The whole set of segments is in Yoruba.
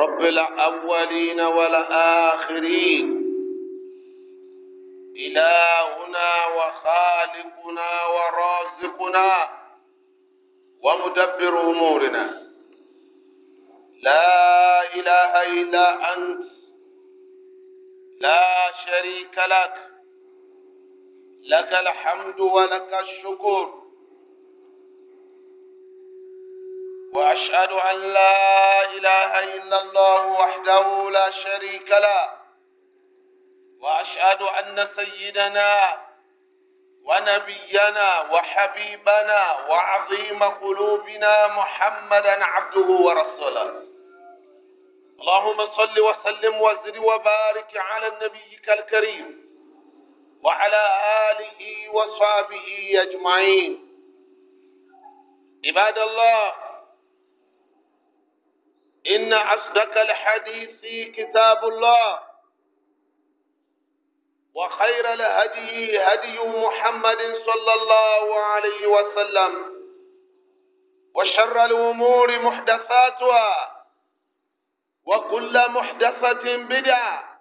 رب الأولين والآخرين إلهنا وخالقنا ورازقنا ومدبر أمورنا لا إله إلا أنت لا شريك لك لك الحمد ولك الشكر وأشهد أن لا إله إلا الله وحده لا شريك له وأشهد أن سيدنا ونبينا وحبيبنا وعظيم قلوبنا محمدا عبده ورسوله اللهم صل وسلم وزر وبارك على النبي الكريم وعلى آله وصحبه أجمعين عباد الله إن أصدق الحديث كتاب الله وخير الهدي هدي محمد صلى الله عليه وسلم وشر الأمور محدثاتها وكل محدثة بدعة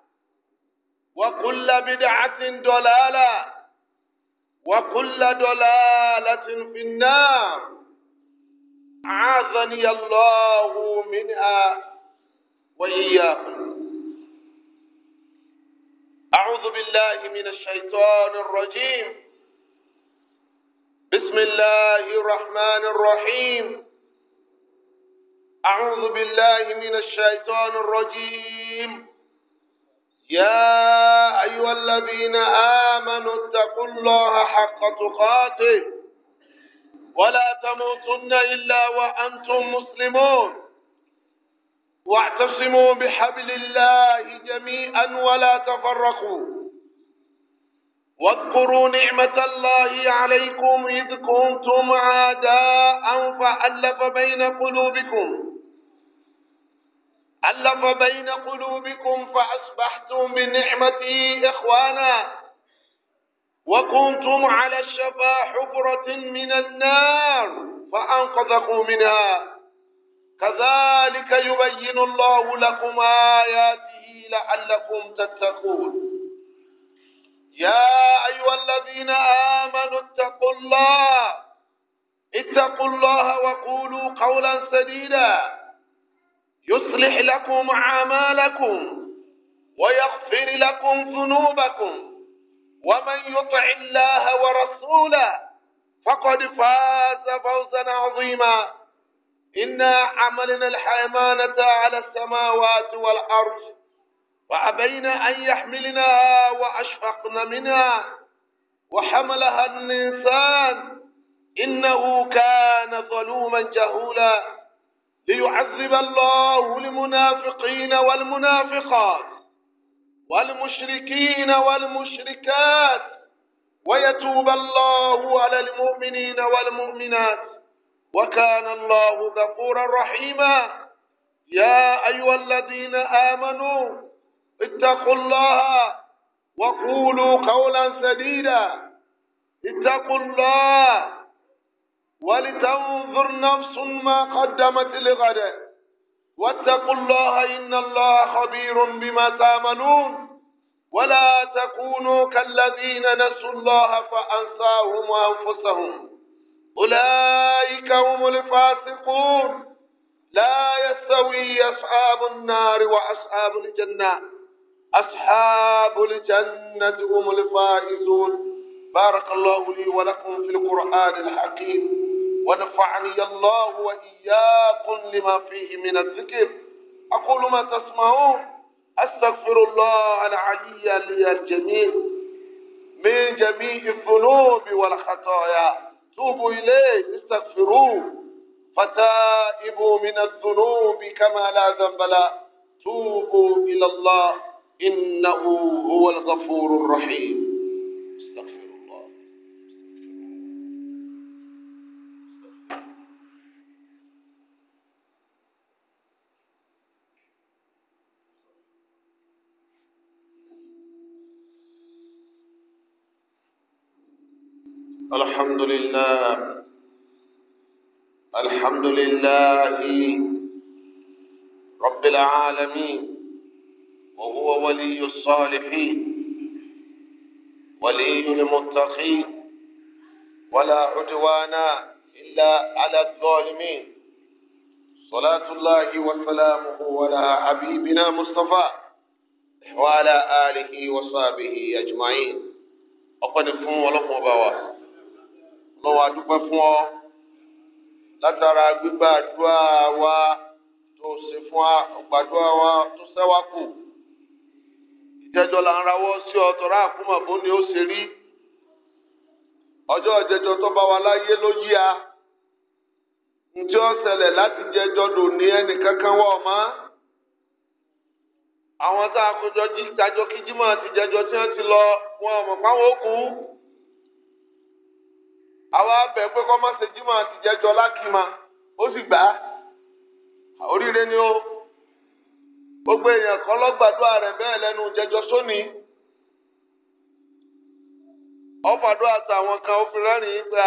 وكل بدعة ضلالة وكل ضلالة في النار عاذني الله منها وإياكم أعوذ بالله من الشيطان الرجيم بسم الله الرحمن الرحيم أعوذ بالله من الشيطان الرجيم يا أيها الذين آمنوا اتقوا الله حق تقاته ولا تموتن إلا وأنتم مسلمون واعتصموا بحبل الله جميعا ولا تفرقوا واذكروا نعمة الله عليكم إذ كنتم عاداء فألف بين قلوبكم ألف بين قلوبكم فأصبحتم بنعمتي إخوانا وكنتم على الشفا حفرة من النار فأنقذكم منها كذلك يبين الله لكم آياته لعلكم تتقون يا أيها الذين آمنوا اتقوا الله اتقوا الله وقولوا قولا سديدا يصلح لكم أعمالكم ويغفر لكم ذنوبكم يطع الله ورسوله فقد فاز فوزا عظيما إنا حملنا الحيمانة على السماوات والأرض وأبينا أن يحملنها وأشفقن منها وحملها الإنسان إنه كان ظلوما جهولا ليعذب الله المنافقين والمنافقات والمشركين والمشركات ويتوب الله على المؤمنين والمؤمنات وكان الله غفورا رحيما يا أيها الذين آمنوا اتقوا الله وقولوا قولا سديدا اتقوا الله ولتنظر نفس ما قدمت لغد واتقوا الله إن الله خبير بما تعملون ولا تكونوا كالذين نسوا الله فأنساهم أنفسهم أولئك هم الفاسقون لا يستوي أصحاب النار وأصحاب الجنة أصحاب الجنة هم الفائزون بارك الله لي ولكم في القرآن الحكيم ونفعني الله وإياكم لما فيه من الذكر أقول ما تسمعون أستغفر الله العلي لي الجميل من جميع الذنوب والخطايا توبوا إليه استغفروه فتائبوا من الذنوب كما لا ذنب له توبوا إلى الله إنه هو الغفور الرحيم الحمد لله رب العالمين وهو ولي الصالحين ولي المتقين ولا عدوان إلا على الظالمين صلاة الله وسلامه على حبيبنا مصطفى وعلى آله وصحبه أجمعين أقدم فون ولهم وبوا الله أدوك فون látara gbígbàdúrà wa tó ṣe fún wa gbàdúrà wa tó sẹ́wà kù ìjẹjọ là ń rawọ́ sí ọ̀tọ̀rá àkúmọ̀ ni ó ṣe rí ọjọ́ ìjẹjọ tó bá wa láyé ló yí a ǹjẹ́ ó láti jẹjọ dò ní ẹnìkankan wọ̀ mọ́ àwọn tá a jí ti lọ àwa bẹ̀ pé kọ́ má ṣe jímọ̀ àti jẹ́jọ́ lákìmá ó sì gbà á oríire ni ó gbogbo èèyàn kan lọ́gbàdúrà rẹ̀ bẹ́ẹ̀ lẹ́nu jẹjọ sóni ọ̀fàdúrà tàwọn kan ó fi rẹ́rìn gbà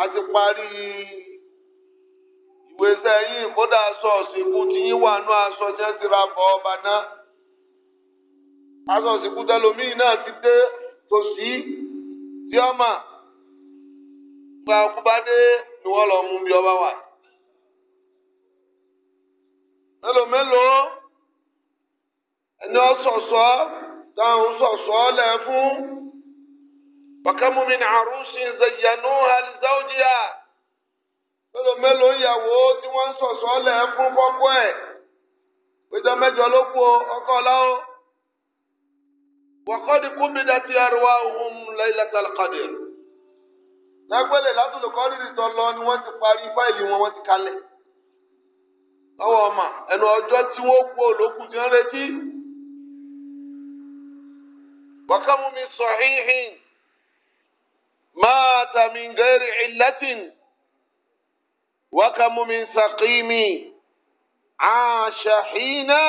á ti parí ìwé sẹ́yìn kódà aṣọ òsìnkú tí yín wà nú aṣọ tí wọ́n ti ra bọ̀ ọba náà aṣọ òsìnkú tẹlomiin náà ti dé tòsí. diọma gba akubade ni wọn lọ mú bí ọba wà mélòó mélòó ẹni ọsọsọ táwọn sọsọ lẹ fún bàkàmù mi ní àrùsìn zayanu alizawujiya mélòó mélòó ìyàwó tí wọn sọsọ lẹ fún fọkọ ẹ péjọ mẹ́jọ wọ́kọ́dí kúmídà tí a rúwa ohun lailatul qadr. lágbẹ́lẹ̀ látòlù kọ́rìrì tó lọ ni wọ́n ti parí fáìlì wọn wọ́n ti kalẹ̀. ọwọ́ ọmọ ẹnu ọjọ́ tí wọ́n kú olókùn ti ń retí. wọ́kàmú mi sahihin mata min ghairi illatin wọ́kàmú mi saqimi aṣa hina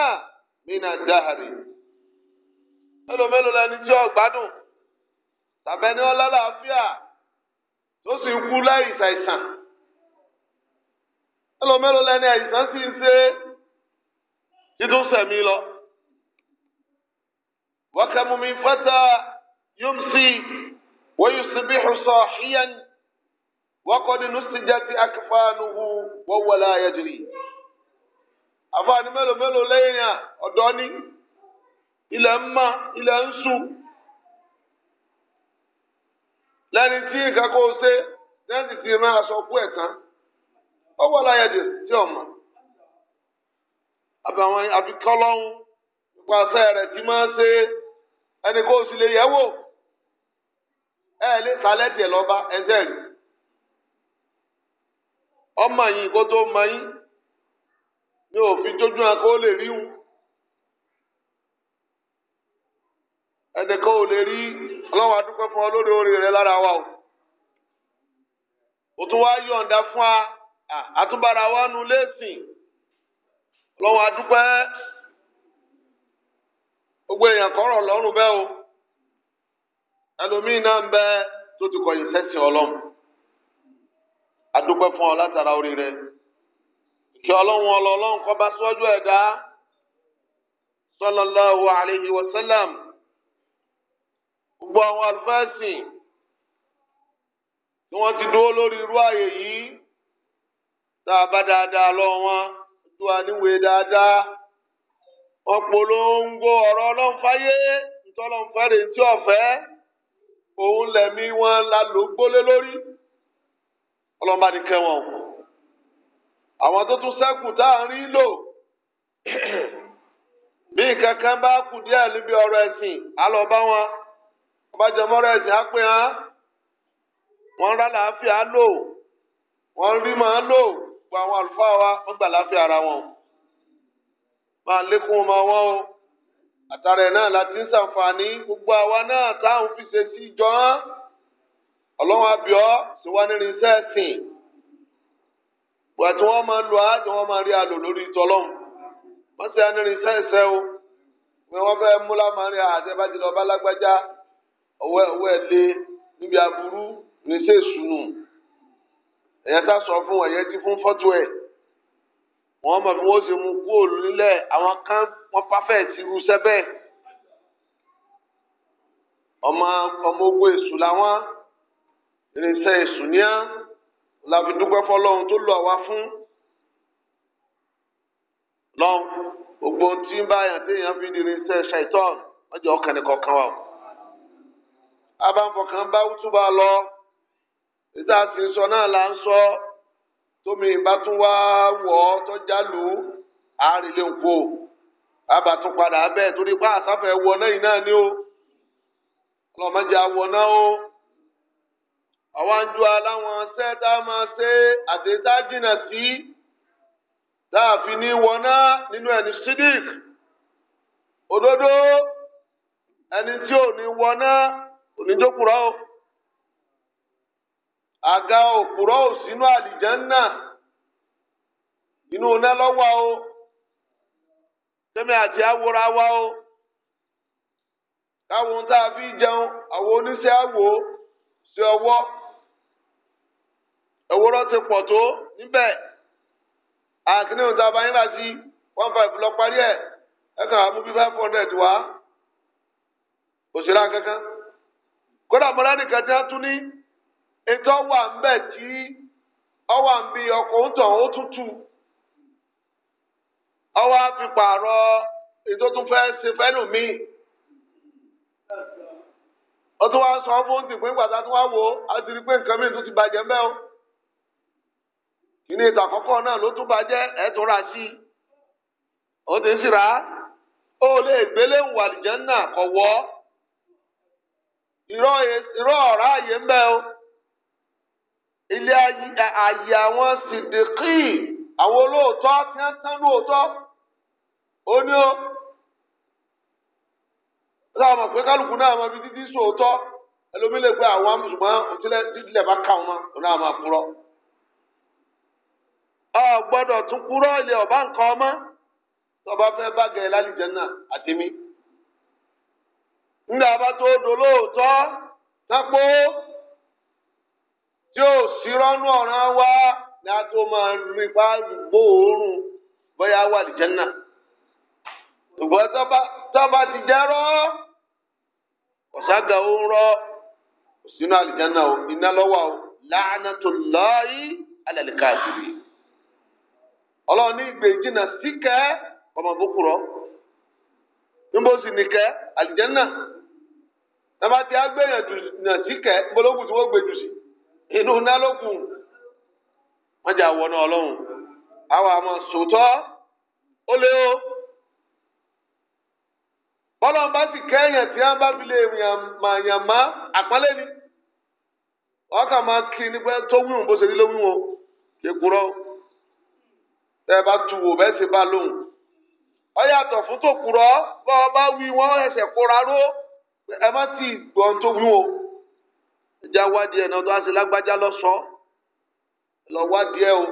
min ad-dahri mélòó mélòó lẹni tí ó gbádùn tàbẹ́ni ọlọ́láàfíà tó sì kú láì ṣàìsàn mélòó mélòó lẹni àìsàn sì ń ṣe dídún sẹ̀mí lọ. وكم من فتى يمسي ويصبح صاحيا وقد نسجت أكفانه وهو لا يدري àfààní mélòó mélòó lẹ́yìn ọ̀dọ́ ni ilẹ̀ ń mọ́ ilẹ̀ ń sùn tí nǹkan ṣe lẹ́ni tí rán aṣọ kú ẹ̀ tán ó wọ́n láyé dè tí ọ̀mà àbíkọ́lọ́hún nípasẹ̀ rẹ̀ tí máa ṣe ẹni sì lè yẹ̀ ẹ lè sálẹ̀ tiẹ̀ lọ́ba ẹsẹ̀ ọmọ yìí kó tó mọ yín ni òfin jójú lè edekọ ò lè rí ọlọ́wọ́ adúpẹ́ fún ọ lórí orí rẹ lára wa o o tún wá yọ̀ǹda fún wa àtúbára wa nu lẹ́sìn ọlọ́wọ́ adúpẹ́ gbogbo èèyàn kọ́rọ̀ lọ́rùn bẹ́ẹ̀ o ẹlòmíín náà ń bẹ tó ti kọ̀yìn sẹ́sìn fún ọ látara rẹ kí ọlọ́run ọlọ́run kọ́ bá ẹ̀dá gbogbo àwọn alifásìn tí wọ́n ti dúró lórí irú ààyè yìí tá a bá dáadáa lọ wọn tó a níwèé dáadáa wọ́n polongo ọ̀rọ̀ ọlọ́nfàyé ntọ́lọ́nfàyé tí ọ̀fẹ́ òun lẹ̀mí wọn la ló gbólé lórí ọlọ́mọba ni kẹwọn àwọn tó tún sẹ́kù tá à rí lò bí nǹkan kan bá kù díẹ̀ níbi ọ̀rọ̀ ẹ̀sìn á lọ bá wọn ọbàjọmọrọ ẹsìn á pé hàn wọn rà láàfíà lò wọn rí màá lò gbogbo àwọn àlùfáà wa wọn gbà láàfíà ara wọn máa lékún ọmọ wọn o àtàrẹ náà láti ń ṣàǹfààní gbogbo àwa náà táwọn fi ṣe sí ìjọ hàn ọlọ́wọ́n abiọ́ sì wá nínú iṣẹ́ ẹ̀sìn gbogbo àti máa lò á wọn máa rí àlò lórí ìtọ́lọ́hún wọ́n ṣe anìrìnsẹ́ ẹ̀sẹ̀ o pé wọ́n fẹ́ múlá máa rí àtẹ́bájú lọ́ba lágbájá ọwọ́ ẹ̀wọ́ ẹ̀ lé níbi aburú ní sè sùnù ẹ̀yẹ tá sọ fún ẹ̀yẹ ti fún fọ́tò ẹ̀ wọ́n mọ̀ bí wọ́n ṣe mú góòlù nílẹ̀ àwọn kan wọ́n pàfẹ́ ti ru sẹ́bẹ̀ ọmọ ọmọ ogun èṣù làwọn irinṣẹ́ èṣù níà la fi dúpẹ́ fọlọ́run tó lọ wá fún lọ́n gbogbo ohun tí ń bá yàn téèyàn fi di irinṣẹ́ ṣàìtọ́ọ̀nù wọ́n jẹ́ ọkàn nìkan kan wà o abáǹfọ̀kàn bá wútúbà lọ títà sí sọ náà là ń sọ tómi ìbá tún wá wọ̀ ọ́ tọ́já lù ú àárín lè ń kó abàtún padà bẹ́ẹ̀ torí pé àsáfẹ́ wọ náà yìí náà ni ó ọlọ́mọdé àwọ̀ náà ó àwọn aláwọn ṣẹ́ tá a máa ṣe àtẹ̀tá jìnnà sí láàfin ní wọná nínú ẹni sídìk òdodo ẹni tí ò ní wọná oníjókùrọ́ o àga òkùrọ́ ò sínú àlìjẹ́nnà inú iná lọ́wọ́ o sẹ́mi àti awòra wa o káwọn tá a fi jẹun àwọn oníṣẹ́ àwò sí ọwọ́ ẹ̀wòrán ti pọ̀ tó níbẹ̀ àkíní òǹtà bá yín láti one five lọ parí ẹ̀ ẹ̀ka àmú bí five hundred wá òṣèlú akẹ́kọ̀ọ́. kódà mo lẹ́nìkan tí wọ́n tún ní ètò tí ọwà ń bí ọkọ̀ ń tútù ètò fẹ́ ṣe mi. ó tún wá sọ fún ti pé tó wá wò ó ti rí pé nǹkan mìíràn ti bàjẹ́ mbẹ́ o. ra sí i. ó ti ń sira ó lè gbélé wàlìjẹ́ náà irọ́ ọ̀rá àyè ń bẹ o ilé àyè àwọn sìdìkì àwọn olóòótọ́ tí wọ́n tán lóòótọ́ ó ní o láwọn mọ̀ pé kálukú náà mọ̀ bí títí sòótọ́ ẹlòmí lè pe àwọn ṣùgbọ́n títílẹ̀ bá kà wọn òun náà máa purọ́ ọ gbọ́dọ̀ tún purọ́ ilé ọ̀bá nǹkan ọmọ tó bá fẹ́ bá gẹ̀ lálìjẹ́ náà àtẹ́mí. ndị agbata odo ụtọ tápó tí o sí rọ́nú ọ̀ràn wá ni a tó máa rí pa gbóòórùn bóyá wà lìjẹ́nà ṣùgbọ́n tọ́ba ti jẹ́rọ́ ọ̀ṣága ó ń rọ́ òsínú àlìjẹ́nà ò iná lọ́wọ́ ò la'natullahi ala al-kafirin ọlọ́run ní ìgbè jìnnà síkẹ́ ọmọ níbo sì nìkẹ́ àlìjẹ́nà nàbà tí a gbé yàn sí kẹ́ gbólógùn tí wọ́n gbé jù sí inú nálòkùn wọ́n jà wọnà ọlọ́run àwọn àmọ́ sòótọ́ ó lé o bọ́lọ̀ bá sì kẹ́yàn tí wọ́n bá fi lè yàn má àpọ́nlé ni wọ́n máa kí ni pé tó wíwọ̀n bó ṣe rí ló wíwọ̀n kí kúrọ́ ẹ bá tu wò bẹ́ẹ̀ sì bá lóhùn. ọyàtọ̀ fún tó kúrọ́ bá ọ bá wí ẹsẹ̀ kóra ró ẹ má ti gbọ́n tó wí o ẹja wádìí ẹ̀ náà tó á ṣe lágbájá lọ sọ lọ wádìí o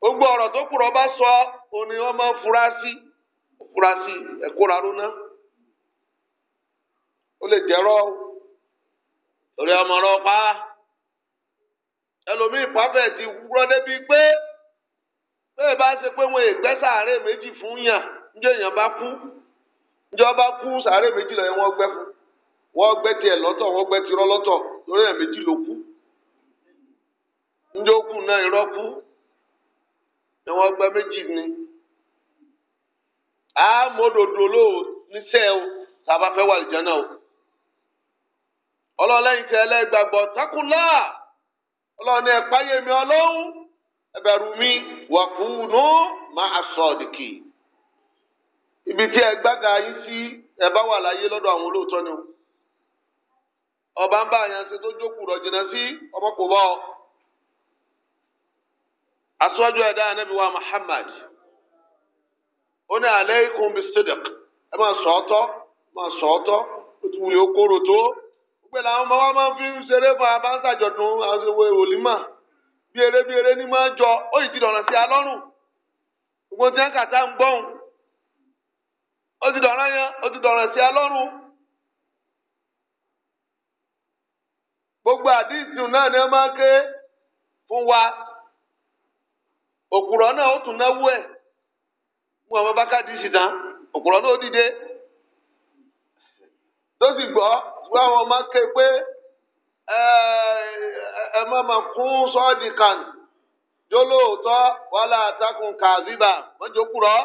gbogbo ọ̀rọ̀ tó kúrọ́ bá sọ ni wọ́n máa fura sí fura sí kóra ó lè ọmọ rọ bẹ́ẹ̀ bá ṣe pé wọn ègbẹ́ sàárè méjì fún yàn njẹ́ èèyàn bá kú njẹ́ ọba kú sàárè méjì lọ́yẹ̀ wọ́n gbẹ́ fún wọ́n gbẹ́ tiẹ̀ lọ́tọ̀ wọ́n gbẹ́ tirọ́ lọ́tọ̀ lórí ẹ̀ méjì ló kú njẹ́ ó kù náà irọ́ kú ni wọ́n gbẹ́ méjì ni àmọ́dòdò ló níṣẹ́ o tàbá fẹ́ wà lìjẹ́ náà o ọlọ́ọ̀lẹ́yìn tẹ́ ẹlẹ́gbàgbọ́ takunlá ọlọ́ọ̀ni ẹ̀páyé mi ọlọ́hún. ẹbẹ̀rù rumi wà kúnú má a Ibi tí ẹ gbága yín sí ẹ wà láyé àwọn ni Ọba ń bá àyàn ṣe tó jókòó rọ̀ jìnnà sí ọ. wa Muhammad. Ó ní alaykum bis Ẹ máa sọ ọtọ máa sọ ọtọ ó ti tó. ọmọ wa máa ń ṣeré fún bí eré bí eré ní máa jọ ó yìí ti dọ̀ràn sí alọ́rùn gbogbo tí wọ́n kàtá ń ó ti gbogbo àdìsùn náà ni wọ́n máa ké fún wa òkùrọ̀ náà ó tún náwó ẹ̀ mú àwọn bákàdí ṣìdá òkùrọ̀ náà ó dìde tó sì ẹ ma kún kan jólóòótọ́ wàhálà àtàkùn kàzíbà mọ́jọ́kùrọ́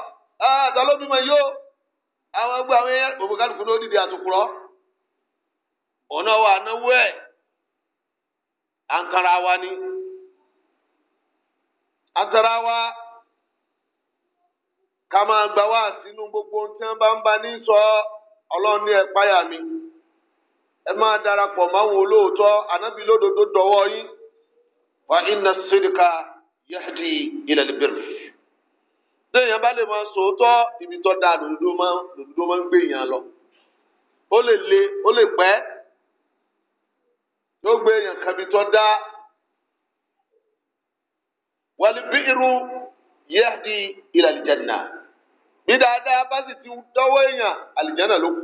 ah, àtàlóbìmọ̀ àwọn àwọn ló dìde ọ̀nà wa náwó wa ni wa ká máa gbà gbogbo tí bá ń bá ní sọ ọlọ́ọ̀ni ẹ̀ páyà ẹ máa darapọ̀ máwọn olóòótọ́ ànábì lódodo dọwọ́ yín wa inna sídìkà yahdi ila albirr. téèyàn bá lè máa sòótọ́ ibi tó dáa lòdòdó máa ń gbé èèyàn lọ. ó lè le ó lè pẹ́ yóò gbé èèyàn kan ibi tó dáa. wal bi'ru yahdi ila aljanna. bí dáadáa bá sì ti dọwọ́ èèyàn àlìjánà ló kù.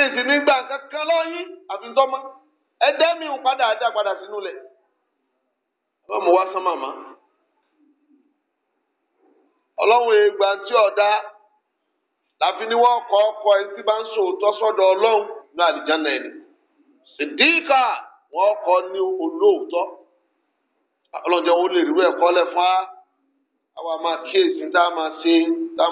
n'igba nígbà kankan lọ́yìn àfi tọ́mọ ẹdẹ mi ò padà dá padà sínú lẹ̀ bá mo wá sán màmá ọlọ́run ègbà tí ọ̀dá làfi ni wọ́n kọ́ ọkọ bá ń sòótọ́ sọ́dọ̀ ọlọ́run ní àlìjáná ẹni sìdíkà wọ́n kọ́ ní olóòótọ́ ọlọ́run jẹ́ wọ́n lè rí ẹ̀kọ́ lẹ̀ fún kíyèsí tá a máa ṣe tá a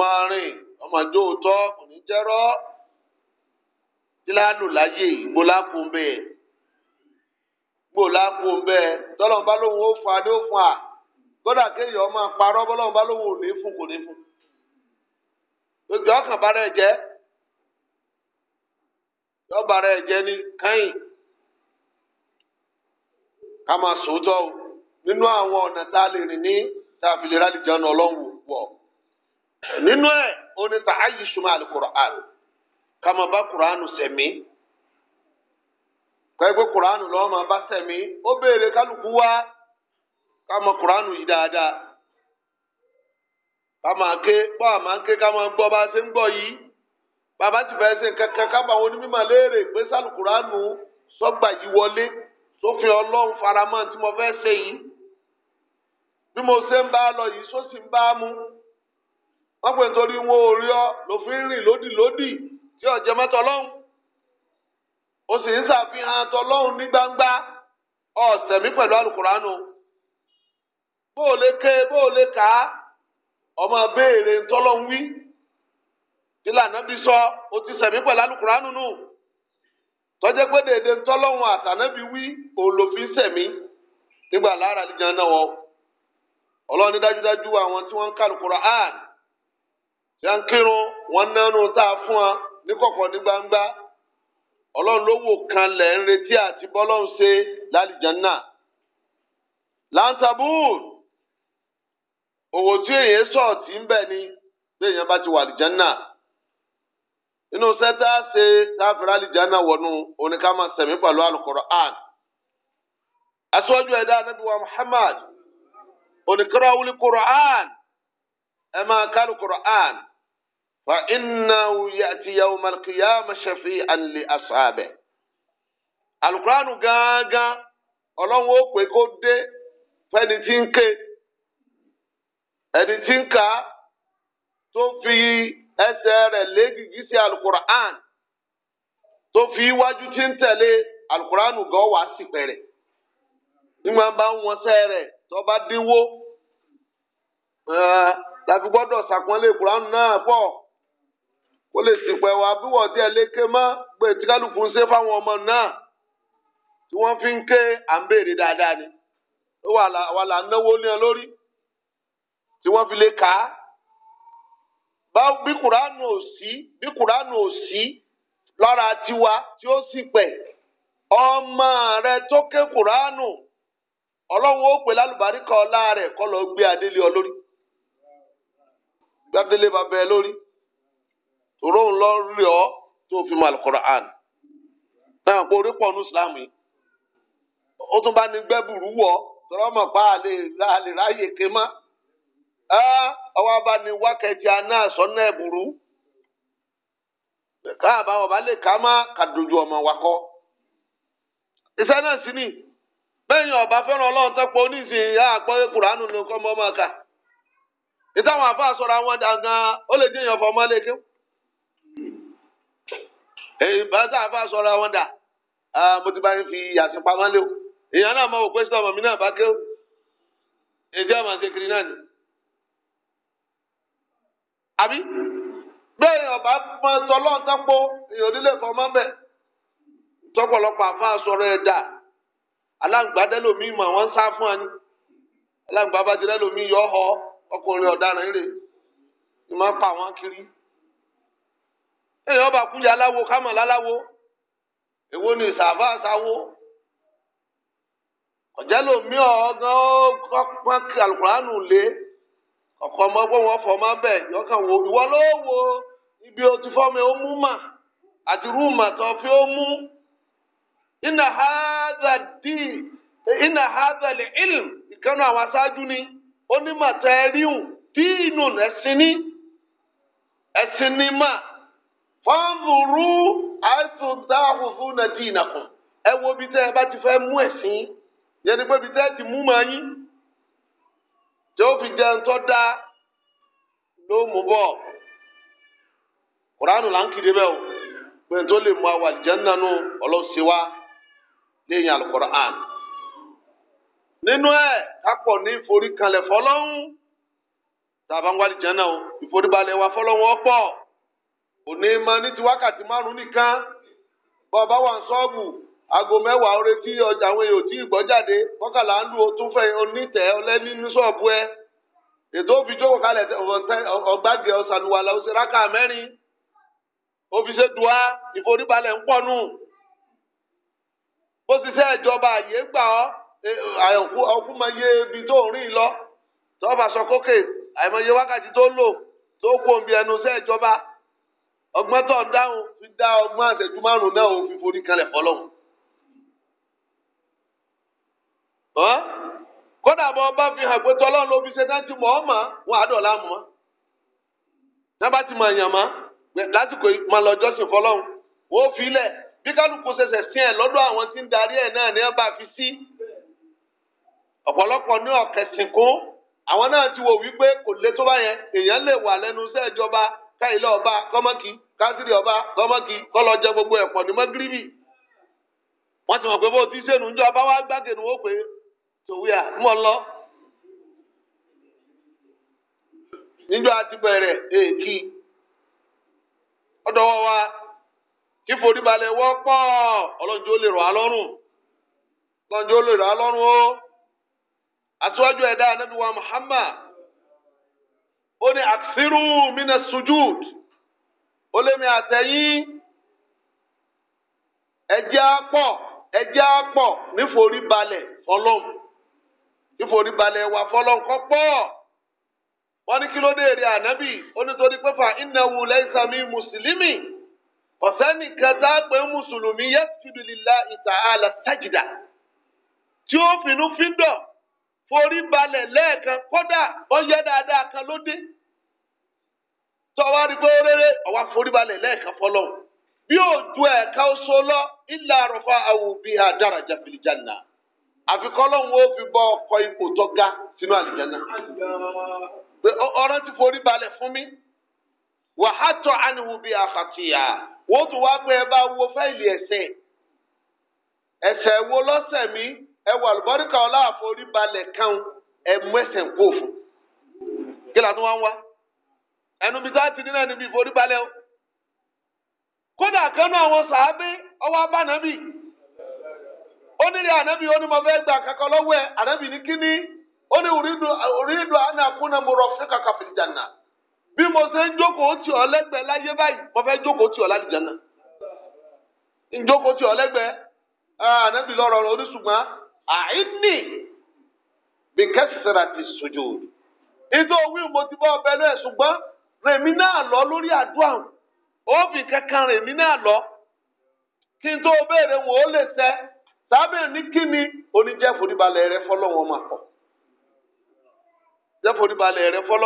máa rìn. ọmọ ìjọ òótọ́ kò ní jẹ́rọ́ kíláàlù láyé ìgbó lápò ń bẹ́ẹ̀ gbó lápò ń bẹ́ẹ̀ tọ́lọ̀ bá lóun ó fún adé ó fún à gbọ́dọ̀ kéèyàn ọmọ parọ́ bọ́lọ̀ bá lóun ò ní fún kò ní fún gbogbo ọkàn bá rẹ̀ jẹ́ yọba rẹ̀ ní káyìn ká máa sòótọ́ o nínú àwọn ọ̀nà tá a lè rìn ní tá a fi lè rálì jẹun ọlọ́run wọ̀ nínú ẹ̀. ó ní ta ayé suma alukur'an kama ba kur'anu sẹ̀mí kẹ́gbẹ́ kur'anu lọ́wọ́ ma ba semi o béèrè kálukú kama kur'anu idada kama ke kama gbọ́ bá a ṣe ń gbọ́ ti fẹ́ se kankan kábà àwọn onímọ̀ léèrè pé sálùkùránù sọ́gbà yìí wọlé sófin ọlọ́run faramọ́ tí mo mo ṣe ń bá wọn pè nítorí wọn ò rí ọ ló fi ń rìn lódì lódì tí ọjọ mẹtọ lọhùn o sì ń ṣàfihàn tọlọhùn ní gbangba ọsẹmí pẹ̀lú alukùránù bó o lè ké bó o lè ọmọ sọ o ti sẹmí pẹ̀lú alukùránù nù tọjẹ pé dèdè àtànẹbí wí lára dájúdájú àwọn tí ṣe ń kírun wọn nánú tá a fún wa ní kọ̀kọ̀ ní gbangba ọlọ́run ló wò kanlẹ̀ ń retí àti bọ́lọ́run ṣe lálìjánná lantabun òwò tí èèyàn sọ̀tì ń bẹ̀ ni bí èèyàn bá ti wà lìjánná inú sẹ́tà ṣe káfíńrà lìjánná wọnú oníkàmá sẹ̀mí pẹ̀lú al an. aṣọ́jú ẹ̀dá anábíwá Muhammad oníkàrà wuli an. ẹ máa kálù Qur'an fa innahu ya'ti yawmal qiyamah shafi'an li ashabihi alukuraanu gángan ọlọ́run ó pè kó dé fẹ́ni tí ń ké ẹni tí ń kà á tó fi ẹsẹ̀ rẹ̀ légìgì sí alukura'an tó fi iwájú tí ń tẹ̀lé alukuraanu gan wà á sì pẹ̀rẹ̀ nígbà bá ń wọnsẹ̀ rẹ̀ tó bá dínwó láfi gbọ́dọ̀ ṣàpọ́nlé Quran náà pọ̀ kó lè sìpẹ́ wa bí wọ́n díẹ̀ lékè mọ́ pé tí kálukú ń ṣe fáwọn ọmọ náà tí wọ́n fi ń ké à ń béèrè dáadáa ni ó wà là ń náwó ní ọ lórí tí wọ́n fi lè kà á bí kuranu ò sí bí kuranu ò sí lára tiwa tí ó sì pẹ ọmọ rẹ tó ké kuranu ọlọ́run ó pè lálùbáríkà ọlá rẹ kọ́ lọ gbé adélé ọ lórí gbadele bá bẹ lórí tòró ń lọ rí ọ tó fi mọ alukoran náà kó orí pọ̀ ní ó tún bá ní pa àlè àlè ráyè ké mọ́ ẹ ọwọ́ bá ní wákẹ́jà náà sọ́nà ẹ̀bùrú ọba lè ká má kàdójú ọmọ wa kọ́ ni bẹ́ẹ̀ ni ọba fẹ́ràn ọlọ́run tẹ́pọ̀ ni kọ́ mọ́ máa ìtàwọn àfa sọ̀rọ̀ àwọn dangan ó lè dín èèyàn fọmọ́ lé kíw. èyí bá tá àfa sọ̀rọ̀ àwọn dà mo ti bá ń fi àti pamọ́ lé o èèyàn náà mọ̀ wò pé sọ̀rọ̀ mi náà bá kíw. èdè àmọ̀ kékeré náà ni. àbí bẹ́ẹ̀ ọ̀bá mọ tọ́lọ́ọ̀ tán èèyàn onílé fọmọ́ bẹ́ẹ̀ tọ́pọ̀lọpọ̀ àfa sọ̀rọ̀ ẹ̀ aláǹgbá dẹ́lòmíì mọ̀ wọ́n sá fún ọ aláǹgbá bá ti yọ ọ́ ọkùnrin ọ̀daràn eré ni máa ń pa àwọn kiri èèyàn bá kújà aláwo kámọ̀ láláwo èwo ni ìsàbá àsáwo ọ̀jẹ́ lomi ọ̀gán ọ̀pọ̀n alukùránù lé ọ̀kọ́ ọmọ fọ wo ìwọ wo ibi o ti mi mú mà àti rúùmà tó fi mú ó ní màtá ẹríhùn esini ẹ̀sìn ní ẹ̀sìn ní mà fọ́nrúurú àìsùndá àhùfù náà díìnà ẹ wo ibi tẹ́ ẹ bá ti fẹ́ mú ẹ̀sìn yẹn ni pé ibi tẹ́ ẹ ti mú màá yín tí ó fi jẹun tó ló o pé tó lè mú àwọn àlìjẹ́ nínú nínú ẹ̀ kápọ̀ ní ìforíkalẹ̀ fọlọ́hún tàbá ń wá lè jẹ́nà o ìforíbalẹ̀ wa fọlọ́hún ọ̀pọ̀ òní ma ní ti wákàtí márùn nìkan bọ́ọ̀bá wà ń sọ́ọ̀bù aago mẹ́wàá tí ọjà àwọn èèyàn tí ìgbọ́ jáde mọ́kànlá ń lu otún fẹ́ onítẹ̀ ọlẹ́ni ní sọ́ọ̀bù ẹ ètò òfin jókòó kalẹ̀ mẹ́rin òfin ṣe ìforíbalẹ̀ ń pọ̀ nù bó ti Eh, ọkú máa yé ibi tó ń rìn lọ tó bá sọ kókè àìmọye wákàtí tó lò tó kú òǹbí ẹnu iṣẹ́ ìjọba ọgbọ́n tó ń dáhùn fi dá ọgbọ́n àṣẹjú márùn náà ó fi forí kalẹ̀ fọlọ́hùn. kódà bọ́ ọba fi hàn pé tọ́lọ́run ló fi ṣe dájú mọ́ ọ́ mọ́ wọn àádọ́lá mọ́ náà bá ti mọ èèyàn mọ́ lásìkò máa lọ jọ́sìn fọlọ́hùn wọ́n fi lẹ̀ bí kálukú ṣẹ̀ṣẹ̀ sí ẹ̀ lọ́dọ̀ àwọn tí ń darí ẹ̀ náà ní ẹ bá fi sí. ọ̀pọ̀lọpọ̀ ní ọ̀kẹ́sìn kún àwọn náà ti wò wípé kò lé tó bá yẹn èèyàn lè wà lẹnu iṣẹ́ ìjọba káyìlẹ́ ọba kọ́mọ́kì kásìrì ọba kọ́mọ́kì kọ́lọ́jẹ gbogbo ẹ̀pọ̀ ní mọ́gírìbì wọ́n ti mọ̀ pé bó ti wá gbàgẹ̀nu ó pé tòwí à lọ. níjọ́ àti bẹ̀rẹ̀ èkì e ọ̀dọ̀ wa kí wọ́pọ̀ lè rọ̀ á lọ́rùn ọlọ́njọ́ lè rọ̀ á lọ́rùn aṣíwájú ẹ̀dá ànábì wa Muhammad ó ní àksírù mina sujud ó lé mi àtẹ̀yìn ẹjẹ́ àpọ̀ ẹjẹ́ àpọ̀ níforí balẹ̀ fọlọ́mù níforí balẹ̀ wà fọlọ́mù kọ́ pọ̀ wọ́n ní kí ló dé èrè ànábì ó nítorí pé fa ìnáwó lẹ́sàmí mùsùlùmí ọ̀sẹ́ni kẹta pé mùsùlùmí yẹ́sùdùlélá ìtàhálà tájìdá tí ó finú fíndọ̀. forí balẹ̀ lẹ́ẹ̀kan kódà ọyẹ dáadáa kan ló dé tọ́wá rí pé rere ọ̀wá forí balẹ̀ lẹ́ẹ̀kan fọlọ́ bí òjò ẹ̀ka oṣù lọ ilà àròfà àwòbí àdàràjà fìlìjànà àfikọ́lọ́hún ó fi bọ́ ọkọ̀ ipò tó ga sínú àlìjánà pé ọ̀rọ̀ ti forí balẹ̀ fún mi wàhátọ̀ ànihubi àkàtìyà wọ́n tún wá pé ẹ bá wo fáìlì ẹ̀ṣẹ̀ ẹ̀ṣẹ̀ wo lọ́sẹ̀ mi. ẹ wà lùbọ́ríkà ọlá àforíbalẹ̀ kan ẹ mẹ́sẹ̀ kó fún kí wá ń wá ẹnu mi sáà ti ní náà níbi ìforíbalẹ̀ o kódà kan àwọn sàábé ọwọ́ abánábì onílé ànábì ó gba kankan lọ́wọ́ ẹ ànábì ní kíní ó ní orídùn àná fún bí mo ṣe ń àìní bìkẹ́sìràtì sùjúd ìjọ ti bá ọbẹ̀ náà ṣùgbọ́n rèmi náà lọ lórí àdúrà ó fi kankan rèmi náà lọ kí n tó béèrè ó lè sábẹ́ ní oníjẹ́ foríbalẹ̀ rẹ máa pọ̀ jẹ́ foríbalẹ̀ rẹ pọ̀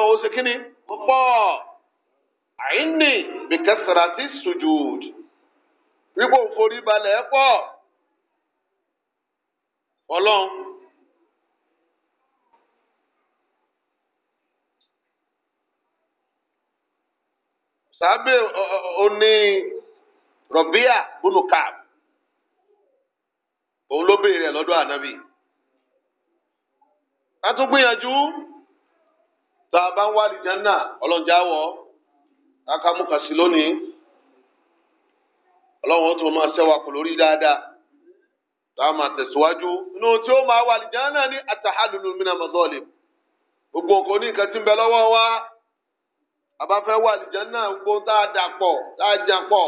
àìní wípé òforíbalẹ̀ pọ̀. ọlọ́run. sàbẹ̀ oní rọ̀bíà bùnú káàb òun ló béèrè lọ́dọ̀ ànábì. a tún gbìyànjú tá a bá ń wá àlìjánná ọlọ́njà wọ̀ káká lónìí ọlọ́run ó tún máa ṣẹ́wàá kò lórí dáadáa. táwọn máa tẹ̀síwájú inú tí ó máa wà àlìjánnà ní àtàhálùlù mìíràn mọ́tọ́ọ̀lì gbogbo nǹkan ní nǹkan tí ń bẹ lọ́wọ́ wa àbáfẹ́ wà àlìjánnà gbogbo tá a dà pọ̀ tá a jà pọ̀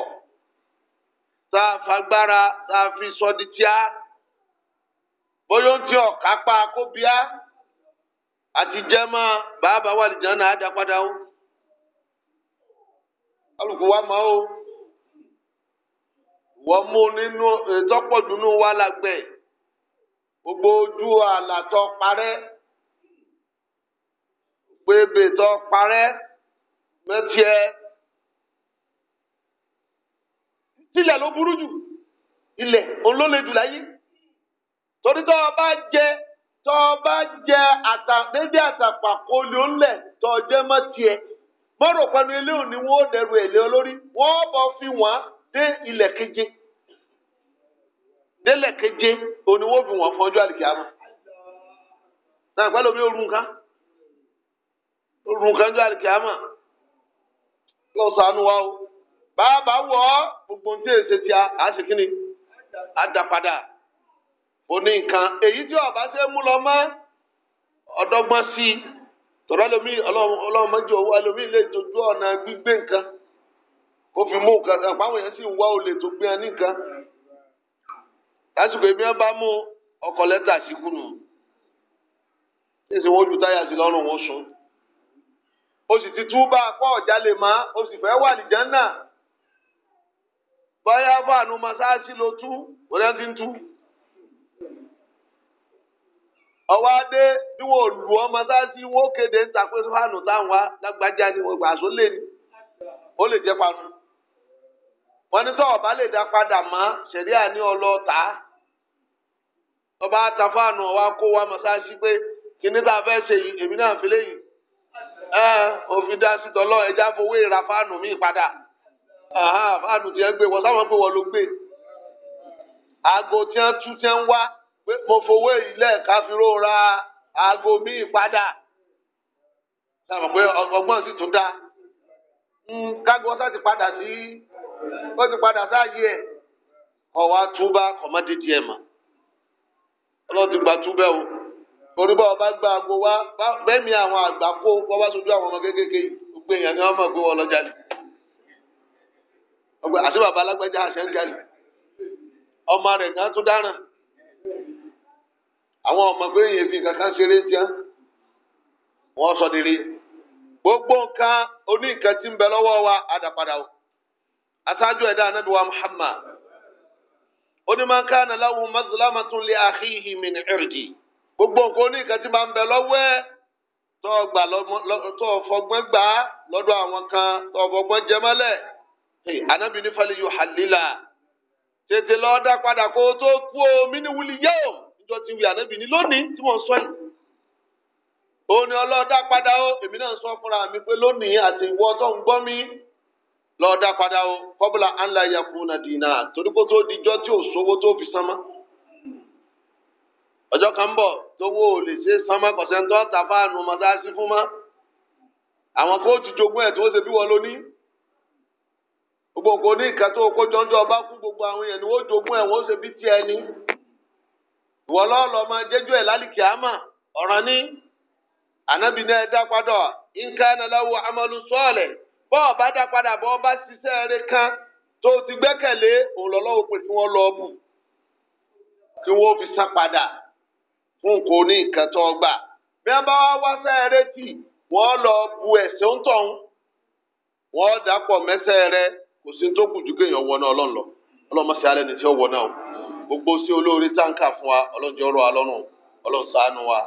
tá a fagbára tá a fi sọ di tíá bóyá ń tí ọ̀ká pa kó bíá àti jẹ́ máa bàbá wà àlìjánnà á dá padà ó alùpùpù wa máa ó wọ́n mú nínú ìtọ́pọ̀jù eh, nínú wa lágbẹ̀ gbogbo ojú àlàtọ̀ parẹ́ gbèbè tọ́ parẹ́ mẹ́tíẹ́ tilẹ̀ ló burú jù ilẹ̀ òun ló le jù láyé torí tọ́ ọ bá jẹ tọ́ ọ bá jẹ dédé àtàpàkò ni ó ń lẹ̀ tọ́ ọ jẹ́ mọ́tiẹ̀ mọ́rò pẹ̀lú ilé òní wọ́n dẹrù ẹ̀lẹ́ olórí wọ́n bọ̀ fi wọ́n. de ilẹ̀ keje délẹ̀ keje oníwó bí wọ́n fún ọjọ́ àlìkíyàmá náà pẹ́ lómi orun kan orun kan lọ sànù wa o bàbá wọ gbogbo ntí èsè tí a ṣe kí ni òní tí ọba ṣe mú lọ mọ́ ọ̀dọ́gbọ́n sí tọrọ lómi owó lè dojú kó fi mú nǹkan kan pàwọn èèyàn sì ń wá olè tó gbé ẹ nìkan lásìkò èmi bá mú ọkọ̀ lẹ́tà sí kùnú èsì wọn ojú táyà sí lọ́rùn wọn sùn ó sì ti túbà kọ́ ọ̀já lè má ó sì fẹ́ wà ní Jánnà báyà fàánù masáàsì ló tú wọ́n ti ń tú ọwọ́ adé bí wọ́n lù ọ́ masáàsì wọ́n kéde ń ta pé táwọn lágbájá ni wọ́n gbà sólè ni ó lè jẹ́ panu wọ́n ní tó ọba lè dá padà mọ́ ṣẹ̀rí àní ọlọ́ọ̀ta ọba àtàfáànù wa kó wa mọ̀sáàsì pé kíní tá a fẹ́ ṣe èmi náà fi léyìí òfin dá sí tọ́lọ́ ẹja fowó ìra fáànù mi padà fáànù tiẹ̀ gbé wọ́n sáwọn pé wọ́n ló gbé aago tí wọ́n tú tí wọ́n wá pé mo fowó ilẹ̀ káfíró ra aago mi padà sáwọn pé ọgbọ́n sì tún dá. kágun ti padà sí ó ti padà sáàyè ẹ ọwọ àtúbà kọmọdéjì ẹ mà Ọlọ́run ti gba o torí ọba gba àgbo wá bẹ́ẹ̀ mi àwọn àgbà kó wọn bá sojú àwọn ọmọ kéékèèké gbogbo èèyàn ni wọn mọ gbé wọn lọ jalè ọgbẹ àti bàbá alágbèjà àṣẹ ń jalè ọmọ rẹ̀ kan tó dáràn àwọn ọmọ fi ṣeré gbogbo nǹkan oní nǹkan tí ń bẹ lọ́wọ́ wa àdàpadà o aṣáájú ẹ̀dá anábì wa Muhammad onímọ̀ọ́ká nàláwù mazlamatun li akhihi min irdi gbogbo nǹkan oní nǹkan tí máa ń bẹ lọ́wọ́ ẹ̀ tó fọgbọ́n gbà á lọ́dọ̀ àwọn kan tó fọgbọ́n jẹmọ́lẹ̀ anábì ní fali yuhallila tètè lọ́ọ́ dá kó tó kú omi ní wuli yẹ́ o níjọ́ ti wí anábì ní lónìí tí wọ́n sọ yìí. ó ní ọlọ́dá padà ó èmi náà sọ fúnra mi pé lónìí àti ìwọ tó ń gbọ́ mi lọ́ọ́dá padà ó kọ́bùlà ánlá yakuna dìínà torí kó tó dijọ́ tí ò sówó tó fi sánmọ́ ọjọ́ kan bọ̀ tówó ò lè ṣe sánmọ́ kọ̀sẹ́ńtọ́ tàfáànù mọ́sáàsì fún mọ́ àwọn kóòtù jogún ẹ̀ tó ṣe gbogbo ní tó kó jọjọ ọba kú gbogbo àwọn ni wọ́n jogún ẹ̀ wọ́n ṣe ni ànábì náà dá padà ìkànnìláwọ amọ̀lù sọ́ọ̀lẹ̀ ba bá kan tó ti gbẹ́kẹ̀lé òǹlọ́lọ́wọ́ pé kí lọ bù ti wo fi san fún kò ní nǹkan gba bí wọ́n bá wá wá lọ bu ẹ̀sẹ̀ ń tọ̀hún wọ́n dàpọ̀ kò sí tó kéèyàn wọná o gbogbo sí olóore fún wa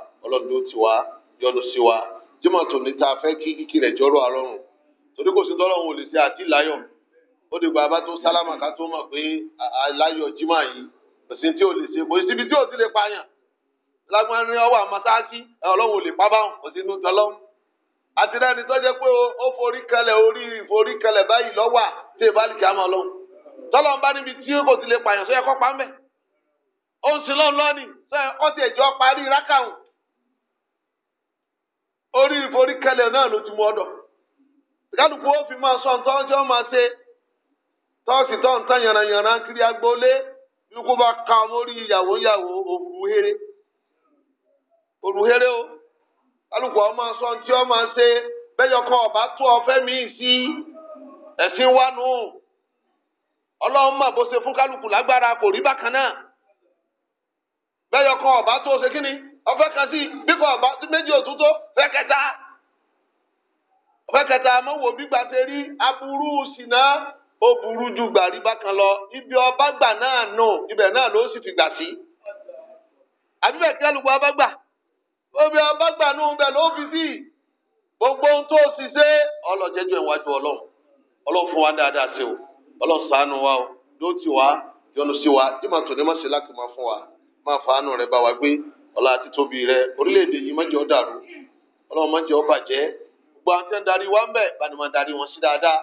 wa yọ́nú sí wa jimá tòní tá a fẹ́ kí kíkí rẹ̀ jọ́rọ̀ àrọ́rùn torí kò sí tọ́lọ́run ò lè ṣe àti láyọ̀ ó dìgbà bá tó sálámà ká tó mọ̀ pé aláyọ̀ jimá yìí kò sí tí ò lè ṣe kò sí ibi tí ò ti lè pààyàn lágbárin ọwọ́ àmọ́sáàsì ọlọ́run ò lè pa báwọn kò sí inú tọ́lọ́run àti rẹ́ni tó jẹ́ pé ó forí kalẹ̀ orí ìforí kalẹ̀ báyìí lọ́wọ́ tí ìbálìkì àmọ́ ọlọ́run tọ́lọ́run bá níbi tí kò ti lè pààyàn sọ yẹ kọ́ pa mẹ́ ó ń sin lọ́nlọ́ọ̀nì sọ yẹ kọ́ ti ẹ̀jọ́ parí rákàrùn orí ìforíkẹlẹ̀ náà ló ti mú ọdọ̀ kálukú ó fi máa sọ ǹtọ́ ọjọ́ máa ṣe tọ́ọ̀sì tó ń tán yànnàyànnà kiri agboolé bí bá ka ọmọ orí ìyàwó ìyàwó o kálukú ọ ma sọ ǹtí ọ máa ṣe bẹyọkọ ọba tó mi sí wánu bó ṣe fún ọfẹ kan sí bíkọ ọba méjì òtútó fẹ kẹta ọfẹ kẹta mọwò gbígbà ṣe rí aburú sínà ó burú ju gbàrí bákan lọ ibi ọba gbà náà nù ibẹ̀ náà ló sì fi gbà sí àbí bẹ́ẹ̀ kí alùpùpù ọba gbà omi ọba gbà nù bẹ́ẹ̀ ló fi sí gbogbo ohun tó sì ṣe ọlọjẹjọ ìwájú Ọlọ́run Ọlọ́run fún wa dáadáa sí o Ọlọ́run ṣàánú wa o yóò ti wá yọ́nú sí wa tí màá ní màá ṣe láti máa fún wa máa fa àánú rẹ bá wa gbé ọlá àti tóbi rẹ orílẹ̀-èdè yìí mọ́jọ́ dàrú ọlọ́run mọ́jọ́ bàjẹ́ gbogbo àwọn tí wọ́n darí wá ń bẹ̀ bá ní máa darí wọn sí dáadáa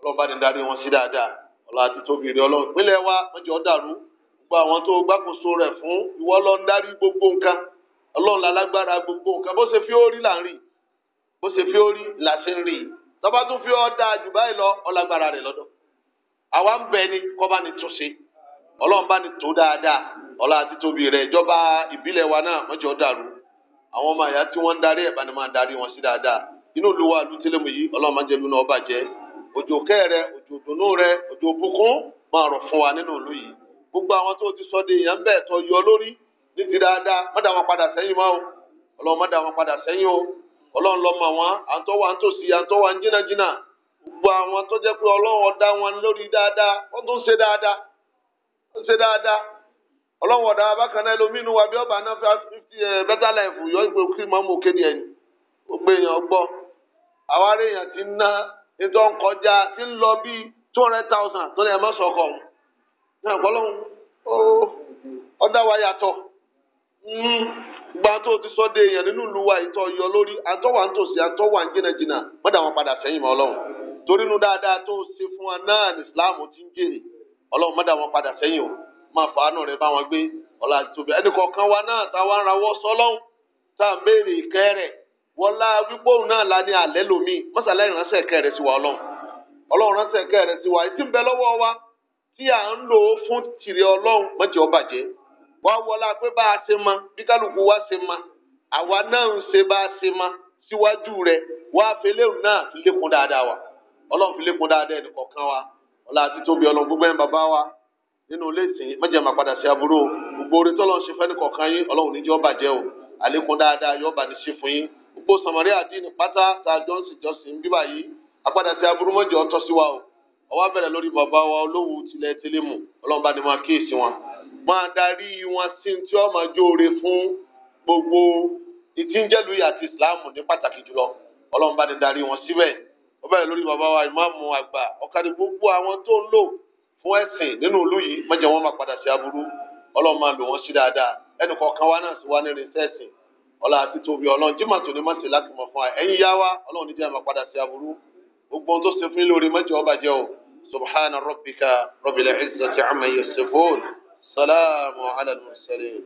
ọlọ́run bá ní darí wọn sí dáadáa ọlá àti tóbi rẹ ọlọ́run ìpínlẹ̀ wa mọ́jọ́ dàrú gbogbo àwọn tó gbàkóso rẹ̀ fún ìwọ ló ń darí gbogbo nǹkan ọlọ́run lálágbára gbogbo nǹkan bó ṣe fi ó rí là ń rí bó ṣe fi ó rí là ṣe ń rí tọ́ba tún fi ọ́ dáa jù báyìí ọlágbára rẹ̀ lọ́dọ̀ àwa ń bẹ ni kọ́ba ni túnṣe ọlọ́run bá ní tó dáadáa ọlá àti tóbi rẹ̀ ìjọba ìbílẹ̀ wa náà mọ́jọ́ dàrú àwọn ọmọ àyà tí wọ́n ń darí ẹ̀ bá ní máa darí wọn sí dáadáa inú ìlú wa ìlú tẹ́lẹ̀mù yìí ọlọ́run máa jẹ́ ìlú náà bàjẹ́ òjò rẹ òjò rẹ òjò máa rọ̀ fún wa nínú gbogbo àwọn tó ti sọ de èèyàn yọ lórí ní ti dáadáa wọn padà sẹ́yìn ṣe dáadáa ọlọ́run ọ̀dà abákan náà wa bí ọba náà fẹ́ better life yọ ìpè kí mọ́mú kéde ẹni gbogbo èèyàn gbọ́ àwárí èèyàn ti ná ètò ti lọ bí two hundred thousand tó lè náà kọ́lọ́hún ọ̀dà wa yàtọ̀ hmm, tó ti sọ de èèyàn nínú ìlú wa ìtọ̀ yọ lórí àtọ́wà ń tòsí àtọ́wà ń jìnnàjìnnà mọ́dà wọn padà mọ́ ọlọ́run fún wa náà ti ń ọlọ́run má wọn padà sẹ́yìn o máa fàánù rẹ bá wọn gbé ọlá tóbi ẹnì kọ̀ọ̀kan wa náà tawara wá ń rawọ́ sọ́lọ́hún tá a béèrè ìkẹ́ rẹ̀ wọlá náà la ní alẹ́ lomi mọ́sálá ìránṣẹ́ ìkẹ́ wa ọlọ́run ọlọ́run ránṣẹ́ ìkẹ́ rẹ̀ sí wa ń bẹ lọ́wọ́ wa tí à ń lò ó fún tìrẹ ọlọ́run wá wọlá pé bá a ṣe mọ wa ṣe mọ àwa náà wa ọlọ́run fi lékun dáadáa ẹnì ọlá àti tóbi ọlọ́run gbogbo ẹ̀ ń bàbá wa nínú ilé ìsìn mẹ́jẹ̀ máa padà sí aburú o gbogbo orin tó lọ́n ṣe fẹ́ nìkọ̀ọ̀kan yín ọlọ́run níjọ́ bàjẹ́ o àlékún dáadáa yóò bá ní ṣe fún yín gbogbo sàmọ́rí àdínì pátá tá a jọ ń sìjọsìn bíbà yìí apadà sí aburú mọ́jọ ọtọ́ sí wa o ọwọ́ abẹ́rẹ́ lórí bàbá wa olówó tilẹ̀ tẹlẹ́mù ọlọ́run bá ní máa kíyèsí wọn máa darí ó bẹ̀rẹ̀ lórí bàbá wa ìmáàmù àgbà ọ̀kadì gbogbo àwọn tó ń lò fún ẹ̀sìn nínú ìlú yìí mọ̀jẹ̀ wọn máa padà sí aburú ọlọ́run máa lò wọ́n sí dáadáa ẹnì kọ̀ọ̀kan wa náà sì wá ní irinṣẹ́ ẹ̀sìn ọlá àti tóbi ọlọ́run jimá tó ní mọ̀tì láti mọ̀ fún wa ẹ̀yin yá wa ọlọ́run ní jẹ́ máa padà sí aburú gbogbo ohun tó ṣe fún lórí mọ̀jẹ̀ ọba jẹ́ o subhana rabbika rabbil izzati amma salamu ala al-mursalin.